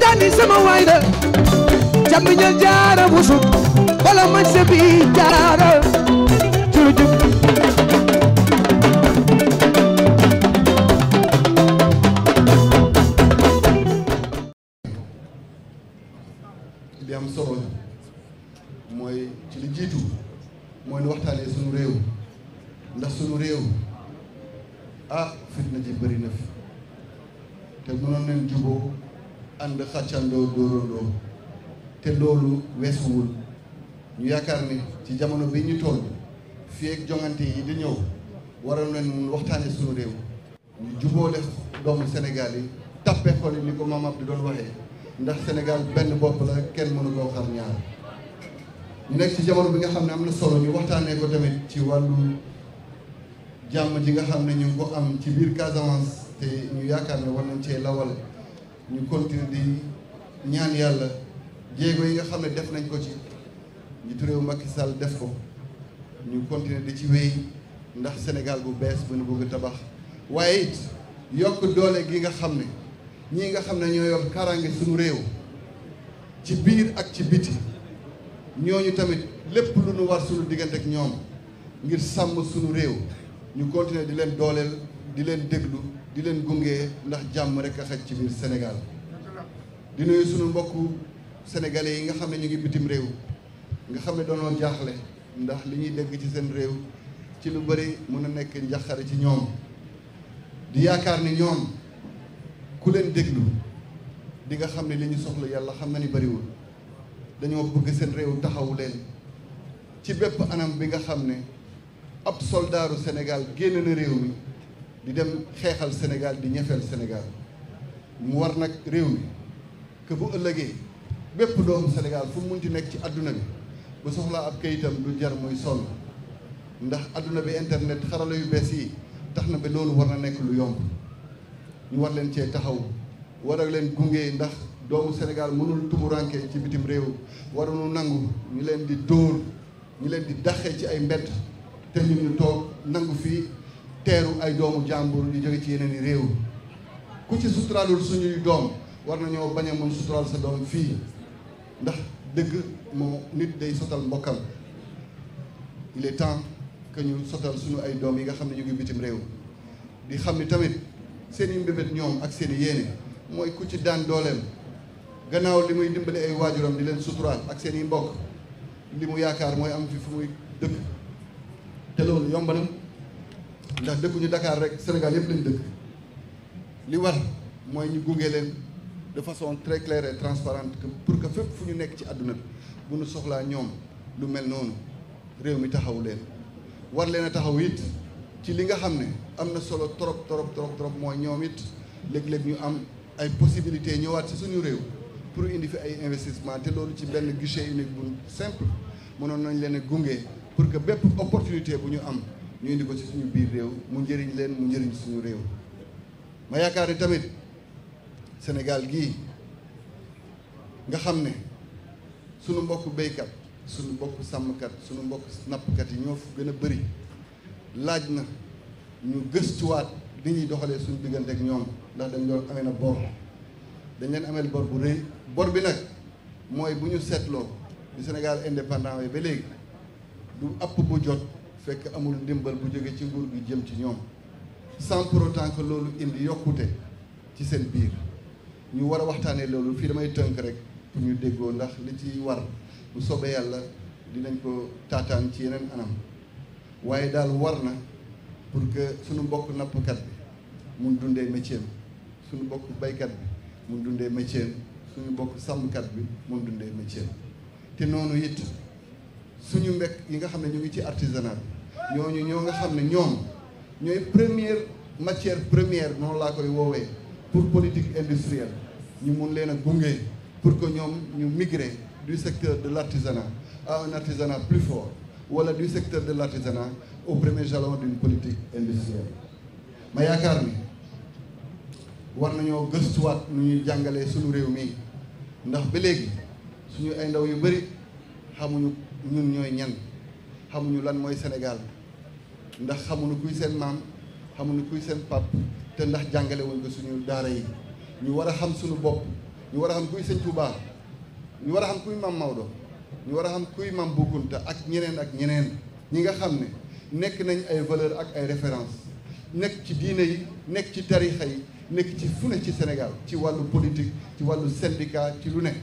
dani sama waay da jàmm ñal jaara wusu wala ma se bi jaara jurujub li am solo mooy ci li jiitu mooy nu waxtaanee sunu réew ndax sunu réew ah fitna na fi te mënoon nañ juboo ànd xàccandoo dóorandoo te loolu weesuwul ñu yaakaar ni ci jamono bi ñu toll fii ak jongante yi di ñëw waral nañ mun waxtaane suñu réew ñu jubóole doomu Sénégal yi tappe xol yi ni ko maam Abdou doon waxee ndax Sénégal benn bopp la kenn mënu koo xar ñaar ñu nekk ci jamono bi nga xam ne am na solo ñu waxtaanee ko tamit ci wàllu jàmm ji nga xam ne ñu ko am ci biir Casamance te ñu yaakaar ne war nañ cee lawal ñu continuer di ñaan yàlla jéego yi nga xam ne def nañ ko ci njiitu réew Macky Sall def ko ñu continuer di ci wéy ndax Sénégal bu bees bu ñu bëgg tabax waaye it yokk doole gi nga xam ne ñii nga xam ne ñoo yor kaaraange suñu réew ci biir ak ci biti ñooñu tamit lépp lu nu war suñu diggante ak ñoom ngir sàmm suñu réew ñu continuer di leen dooleel di leen déglu di leen gunge ndax jàmm rek a xaj ci biir Sénégal di nuyu sunu mbokku sénégalais yi nga xam ne ñu ngi bitim réew nga xam ne doonoon jaaxle ndax li ñuy dégg ci seen réew ci lu bari mën a nekk njaqare ci ñoom di yaakaar ni ñoom ku leen déglu di nga xam ne li ñu soxla yàlla xam na ni bariwul dañoo bëgg seen réew taxawu leen ci bépp anam bi nga xam ne ab soldaaru Sénégal génn na réew mi di dem xeexal Sénégal di ñefeel Sénégal mu war nag réew mi que bu ëllëgee bépp doomu Sénégal fu mu munti nekk ci àdduna bi ba soxlaa ab kayitam lu jar muy sonn ndax àdduna bi internet xarala yu bees yi tax na ba loolu war na nekk lu yomb ñu war leen cee taxaw war a leen gunge ndax doomu Sénégal mënul tumuranke ci bitim réew waruñu nangu ñu leen di dóor ñu leen di daxee ci ay mbett te ñun ñu toog nangu fii teeru ay doomu jàmbur yu jóge ci yeneen i réew ku ci suturaalul suñuy doom war nañoo bañ a mën suturaal sa doom fii ndax dëgg moo nit day sotal mbokkam il est temps que ñu sotal suñu ay doom yi nga xam ne ñu ngi bitim réew di xam ni tamit seeni i mbébét ñoom ak seen i mooy ku ci daan dooleem gannaaw li muy dimbali ay waajuram di leen suturaal ak seen i mbokk li mu yaakaar mooy am fi fu muy dëkk te loolu yomb na ndax dëkkuñu dakaar rek Sénégal yëpp lañu dëkk li war mooy ñu gunge leen de façon très claire et pour que fépp fu ñu nekk ci àdduna bi bu ñu soxlaa ñoom lu mel noonu réew mi taxaw leen war leen a taxaw it ci li nga xam ne am na solo trop trop trop trop mooy ñoom it léeg-léeg ñu am ay possibilités ñëwaat ci suñu réew pour indi fi ay investissement te loolu ci benn guichet unique bu simple mënoon nañ leen gunge pour que bépp opportunité bu ñu am ñu indi ko ci suñu biir réew mu njëriñ leen mu njëriñ suñu réew ma yaakaar ni tamit Sénégal gii nga xam ne suñu mbokk béykat suñu mbokk sàmmkat suñu mbokk nappkat yi ñoo gën a bëri laaj na ñu gës gëstuwaat li ñuy doxalee suñu diggante ak ñoom ndax dañ doon amee na bor dañ leen ameel bor bu rëy bor bi nag mooy bu ñu seetloo di Sénégal indépendant yi ba léegi du app bu jot fekk amul ndimbal bu jógee ci nguur gi jëm ci ñoom sans pour loolu indi yokkute ci seen biir ñu war a waxtaanee loolu fii damay tënk rek pour ñu déggoo ndax li ciy war bu soobee yàlla dinañ ko taataan ci yeneen anam waaye daal war na pour que suñu mbokk nappkat bi mun dundee métier suñu mbokk baykat bi mun dundee métier suñu mbokk sàmmkat bi mun dundee métier te noonu it suñu mbekk yi nga xam ne ñu ngi ci artisanat bi ñooñu ñoo nga xam ne ñoom ñooy première matière première noonu laa koy woowee pour politique industrielle ñu mun leen a gunge pour que ñoom ñu migrer du secteur de l'artisanat à un artisanat plus fort wala du secteur de l'artisanat au premier jalon d'une politique industrielle ma yaakaar ni war nañoo gëstuwaat nu ñuy jàngalee suñu réew mi ndax ba léegi suñu ay ndaw yu bëri xamuñu ñun ñooy ñan xamuñu lan mooy Sénégal ndax xamuñu kuy seen maam xamuñu kuy seen pap te ndax jàngale wuñ ko suñu daara yi ñu war a xam suñu bopp ñu war a xam kuy sëñ Touba ñu war a xam kuy maam Maodo ñu war a xam kuy maam Boukounta ak ñeneen ak ñeneen ñi nga xam ne nekk nañ ay valeur ak ay référence nekk ci diine yi nekk ci tarixa yi nekk ci fu ci Sénégal ci wàllu politique ci wàllu syndicat ci lu nekk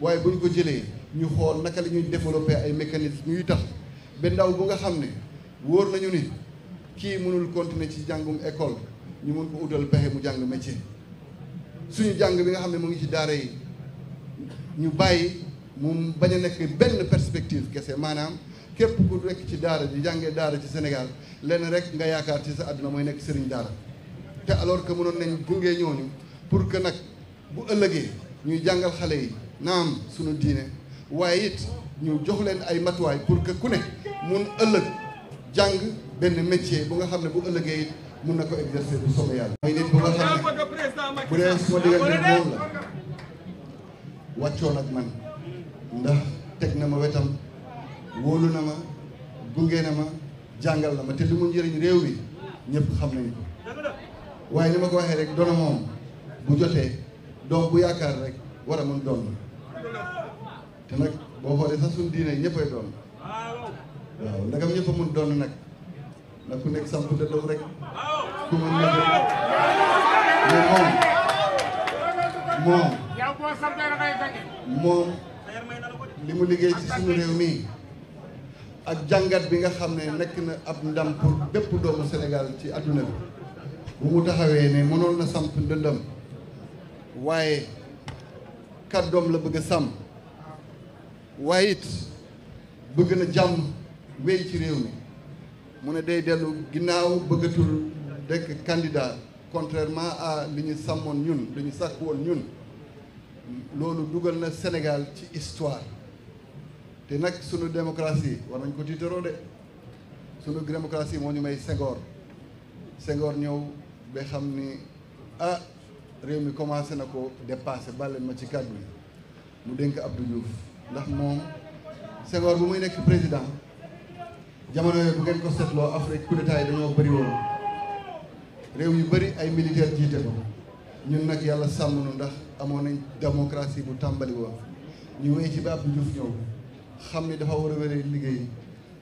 waaye bu ñu ko jëlee ñu xool naka la ñuy développer ay mécanismes yuy tax ba bu nga xam ne wóor nañu ni kii mënul continuer ci jàngum école ñu mun ko utal pexe mu jàng métier suñu jàng bi nga xam ne mu ngi ci daara yi ñu bàyyi mu bañ a nekk benn perspective kese maanaam képp ku rekk ci daara di jàngee daara ci Sénégal lenn rek nga yaakaar ci sa àdduna mooy nekk sëriñ daara te alors que mënoon nañu gungee ñooñu pour que nag bu ëllëgee ñuy jàngal xale yi naam suñu diine waaye it ñu jox leen ay matuwaay pour que ku ne mun ëllëg jàng benn métier bu nga xam ne bu ëllëgee mun na ko exercer bu soobee yàlla. mooy nit bu nga xam ne bu dee man teg na ma wetam wóolu na ma gunge na ma jàngal na ma te li njëriñ réew mi ñëpp xam waaye ni ma ko waxee rek doona moom bu jotee doom bu yaakaar rek war a mun doon te boo xoolee sax suñu diine ñëppay doon waaw ndagam ñëpp mun doon nag ndax ku nekk samp dëddam rek ku mën na moom li mu liggéey ci suñu réew mii ak jàngat bi nga xam ne nekk na ab ndam bépp doomu Sénégal ci àdduna bi bu mu taxawee ne mënoon na samp ndëndam waaye kàddoom la bëgg a sàmm waaye it bëgg na jàmm wéy ci réew mi mu ne day dellu ginnaaw bëggatul dekk candidat contrairement à li ñu sàmmoon ñun li ñu sàkk woon ñun loolu dugal na Sénégal ci histoire te nag sunu démocratie war nañ ko tiitaroo de sunu démocratie moo ñu may Senghor Senghor ñëw ba xam ni ah réew mi commencé na ko dépassé bàlleen ma ci kàddu yi mu dénk Abdou Diouf ndax moom Senghor bu muy nekk président jamono yooyu bu ngeen ko seetloo Afrique coup d'état yi dañoo bëri woon réew yu bëri ay militaire jiite ko ñun nag yàlla sàmm nu ndax amoon nañ démocratie bu tàmbali woon ñu wéy ci ba Abdou Diouf ñëw xam ni dafa war a wéree liggéey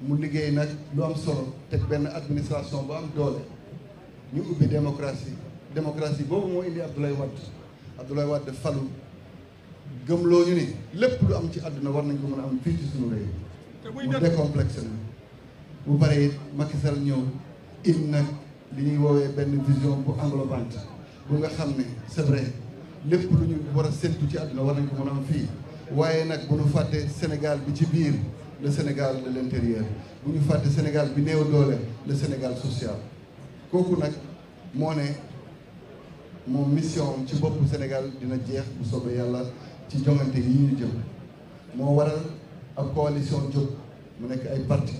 mu liggéey nag lu am solo teg benn administration bu am doole ñu ubbi démocratie démocratie boobu moo indi Abdoulaye Wade Abdoulaye Wade falu gëmloo ñu ni lépp lu am ci àdduna war nañ ko mën a am fii ci suñu réew mu décomplexé na bu paree Macky Sall ñëw in nag li ñuy woowee benn vision bu bant bu nga xam ne c'est vrai lépp lu ñu war a séntu ci àdduna war nañ ko mën a am fii waaye nag bu ñu fàtte Sénégal bi ci biir le Sénégal de l'intérieur bu ñu fàtte Sénégal bi néew doole le Sénégal social kooku nag moo ne moom mission ci boppu Sénégal dina jeex bu soobee yàlla ci joŋante yi ñu jëm moo waral ab coalition jóg mu nekk ay parti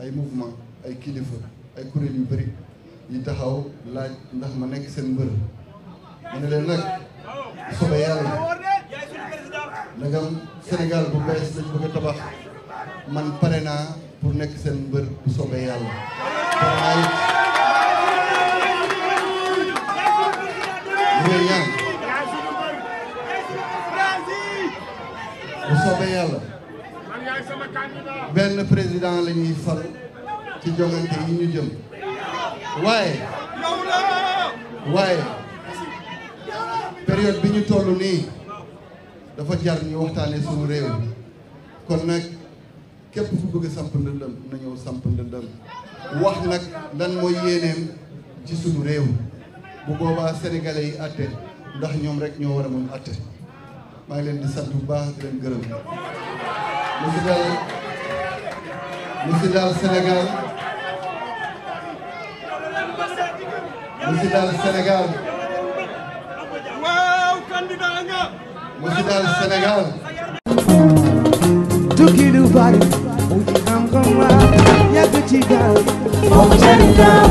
ay mouvement ay kilifa ay kuréel yu bëri yi taxaw laaj ndax ma nekk seen mbër mu ne leen nag soobee yàlla ndagam Sénégal bu bees lañ bëgg tabax man pare naa pour nekk seen mbër bu soobee yàlla pare naa it bu soobee yàlla benn président la ñuy fal ci joŋante yi ñu jëm waaye waaye période bi ñu toll nii dafa jar ñu waxtaanee sumu réew kon nag képp ku bëgg samp ndëndëm na ñëw samp ndëndëm wax nag lan mooy yéeneem ci sumu réew bu boobaa sénégalais yi àtte ndax ñoom rek ñoo war a mën àtte maa ngi leen di sant bu baax di leen gërëm lu si dal lu si dal Sénégal lu si dal Sénégal waaw candidat nga lu si dal Sénégal tukki du bari mu ci xam-xam la yàgg ci gaal mu ci xam-xam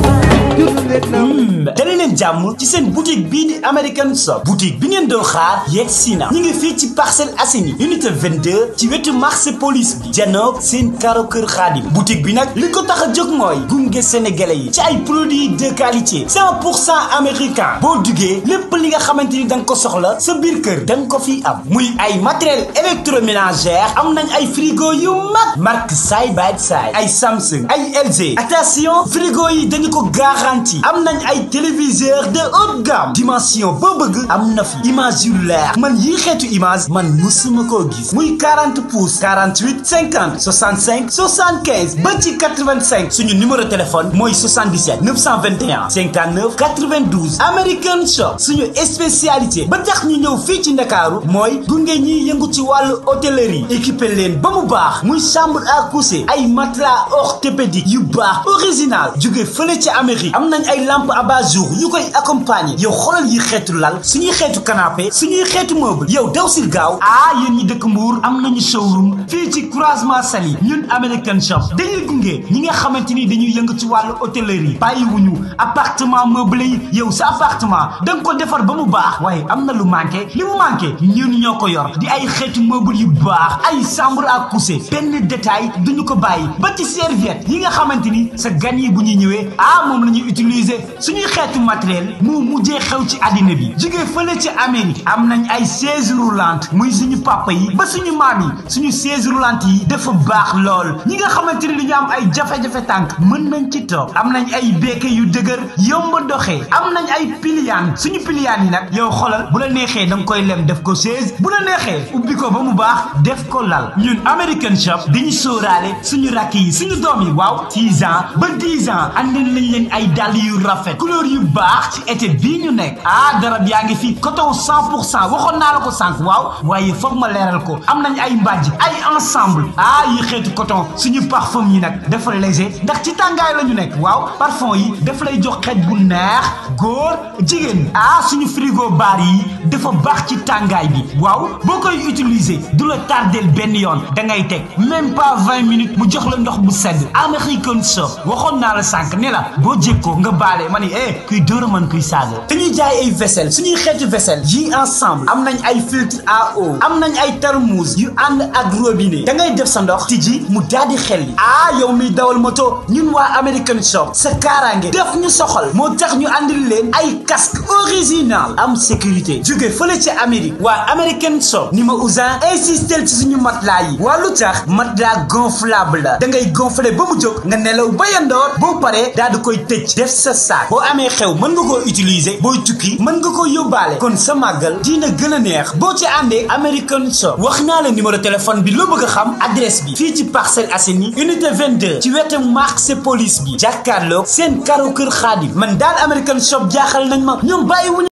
la leen jàmm ci seen boutique bii di American Shop boutique bi ngeen doon xaar yegg si na ñu ngi fii ci Parcelles Assainies unité 22 ci wetu marché police bi janoog seen karo kër Xaadim boutique bi nag li ko tax a mooy gunge sénégalais yi ci ay produits de qualité 100 pour cent américain boo duggee lépp li nga xamante ni da ko soxla sa biir kër da ko fii am muy ay matériel électroménager am nañ ay frigo yu mag marque say by side ay Samsung ay LG attention frigo yi dañu ko garanti téléviseur de haute gamme dimension boo bëgg am na fi image yu leer man yii xeetu image man musuma koo gis muy 40 pouces 48 50 65 75 ba ci 85 suñu numéro téléphone mooy 77 921 59 92 American Shop suñu spécialité ba tax ñu ñëw fii ci Ndakaaru mooy gunge ñiy yëngu ci wàllu hôtellerie équipé leen ba mu baax muy chambre à coucher ay matelas orthopédique yu baax original jóge fële ci Amérique am nañ ay lampe abat-jour ñu koy accompagner yow xoolal yi xeetu lal suñuy xeetu canapé suñuy xeetu meuble yow daw sil gaaw ah yéen ñi dëkk Mbour am nañu showroom fii ci croisement Saly ñun American Shop dañuy gunge ñi nga xamante ni dañuy yëngu ci wàllu hôtellerie bàyyiwuñu appartement meublé yi yow sa appartement da nga ko defar ba mu baax waaye am na lu manqué li mu manqué ñun ñoo ko yor di ay xeetu meuble yu baax ay chambre à coucher benn détail duñu ko bàyyi ba ci serviette yi nga xamante ni sa gan yi bu ñuy ñëwee ah moom matériel moo mujjee xew ci àddina bi jugee fële ci Amérique am nañ ay chaise roulante muy suñu papa yi ba suñu maam yi suñu chaise roulante yi dafa baax lool ñi nga xamante lu ñu am ay jafe tànk mën nañ ci toog am nañ ay béke yu dëgër yomba doxee am nañ ay piliyaan suñu piliyaan yow xoolal bu la neexee da koy lem def ko chaise bu la neexee ubbi ko ba mu baax def ko lal ñun American Shop dañu sóoraale suñu rakk yi suñu doom yi waaw six ans ba dix ans andil nañ leen ay dàll yu rafet couleur yu baax ci été bii ñu nekk ah darab yaa ngi fii coton 100 pour cent waxoon naa la ko sànq waaw waaye foog ma leeral ko am nañ ay mbàjj ay ensemble ah yi xeetu coton suñu parfum yi nag dafa léger ndax ci tàngaay la ñu nekk waaw parfum yi daf lay jox xeet bu neex góor jigéen ah suñu frigo baar yi dafa baax ci tàngaay bi waaw boo koy utiliser du la del benn yoon da ngay teg même pas vingt minutes mu jox la ndox mu sedd American soap waxoon naa la sànq ne la boo jékkoo nga baale ma ne eh kuy dóora man kuy saaga dañuy jaay ay vaisselle suñuy xeetu vaisselle yi ensemble am nañ ay filtre a eau am nañ ay thermos yu ànd ak robinet da ngay def sa ndox tijji mu daal di xel yi ah yow miy dawal moto ñun waa American soap sa kaaraange def ñu soxal moo tax ñu àndil leen ay casque am sécurité jóge fële ci Amérique waa American Shop ni ma usa insistel ci suñu matelas yi wàllu tax matelas gonflable la da ngay ba mu jóg nga nelaw ba yandoor boo paree daal di koy tëj def sa saak boo amee xew mën nga koo utiliser booy tukki mën nga koo yóbbaale kon sa màggal diina gën a neex boo ci àndee American Shop wax naa la numéro téléphone bi loo bëgg a xam adresse bi fii ci Parcelles Assainies unité 22 ci wetu marché police bi jàkkaarloog seen karo kër Xaadim man daal American ma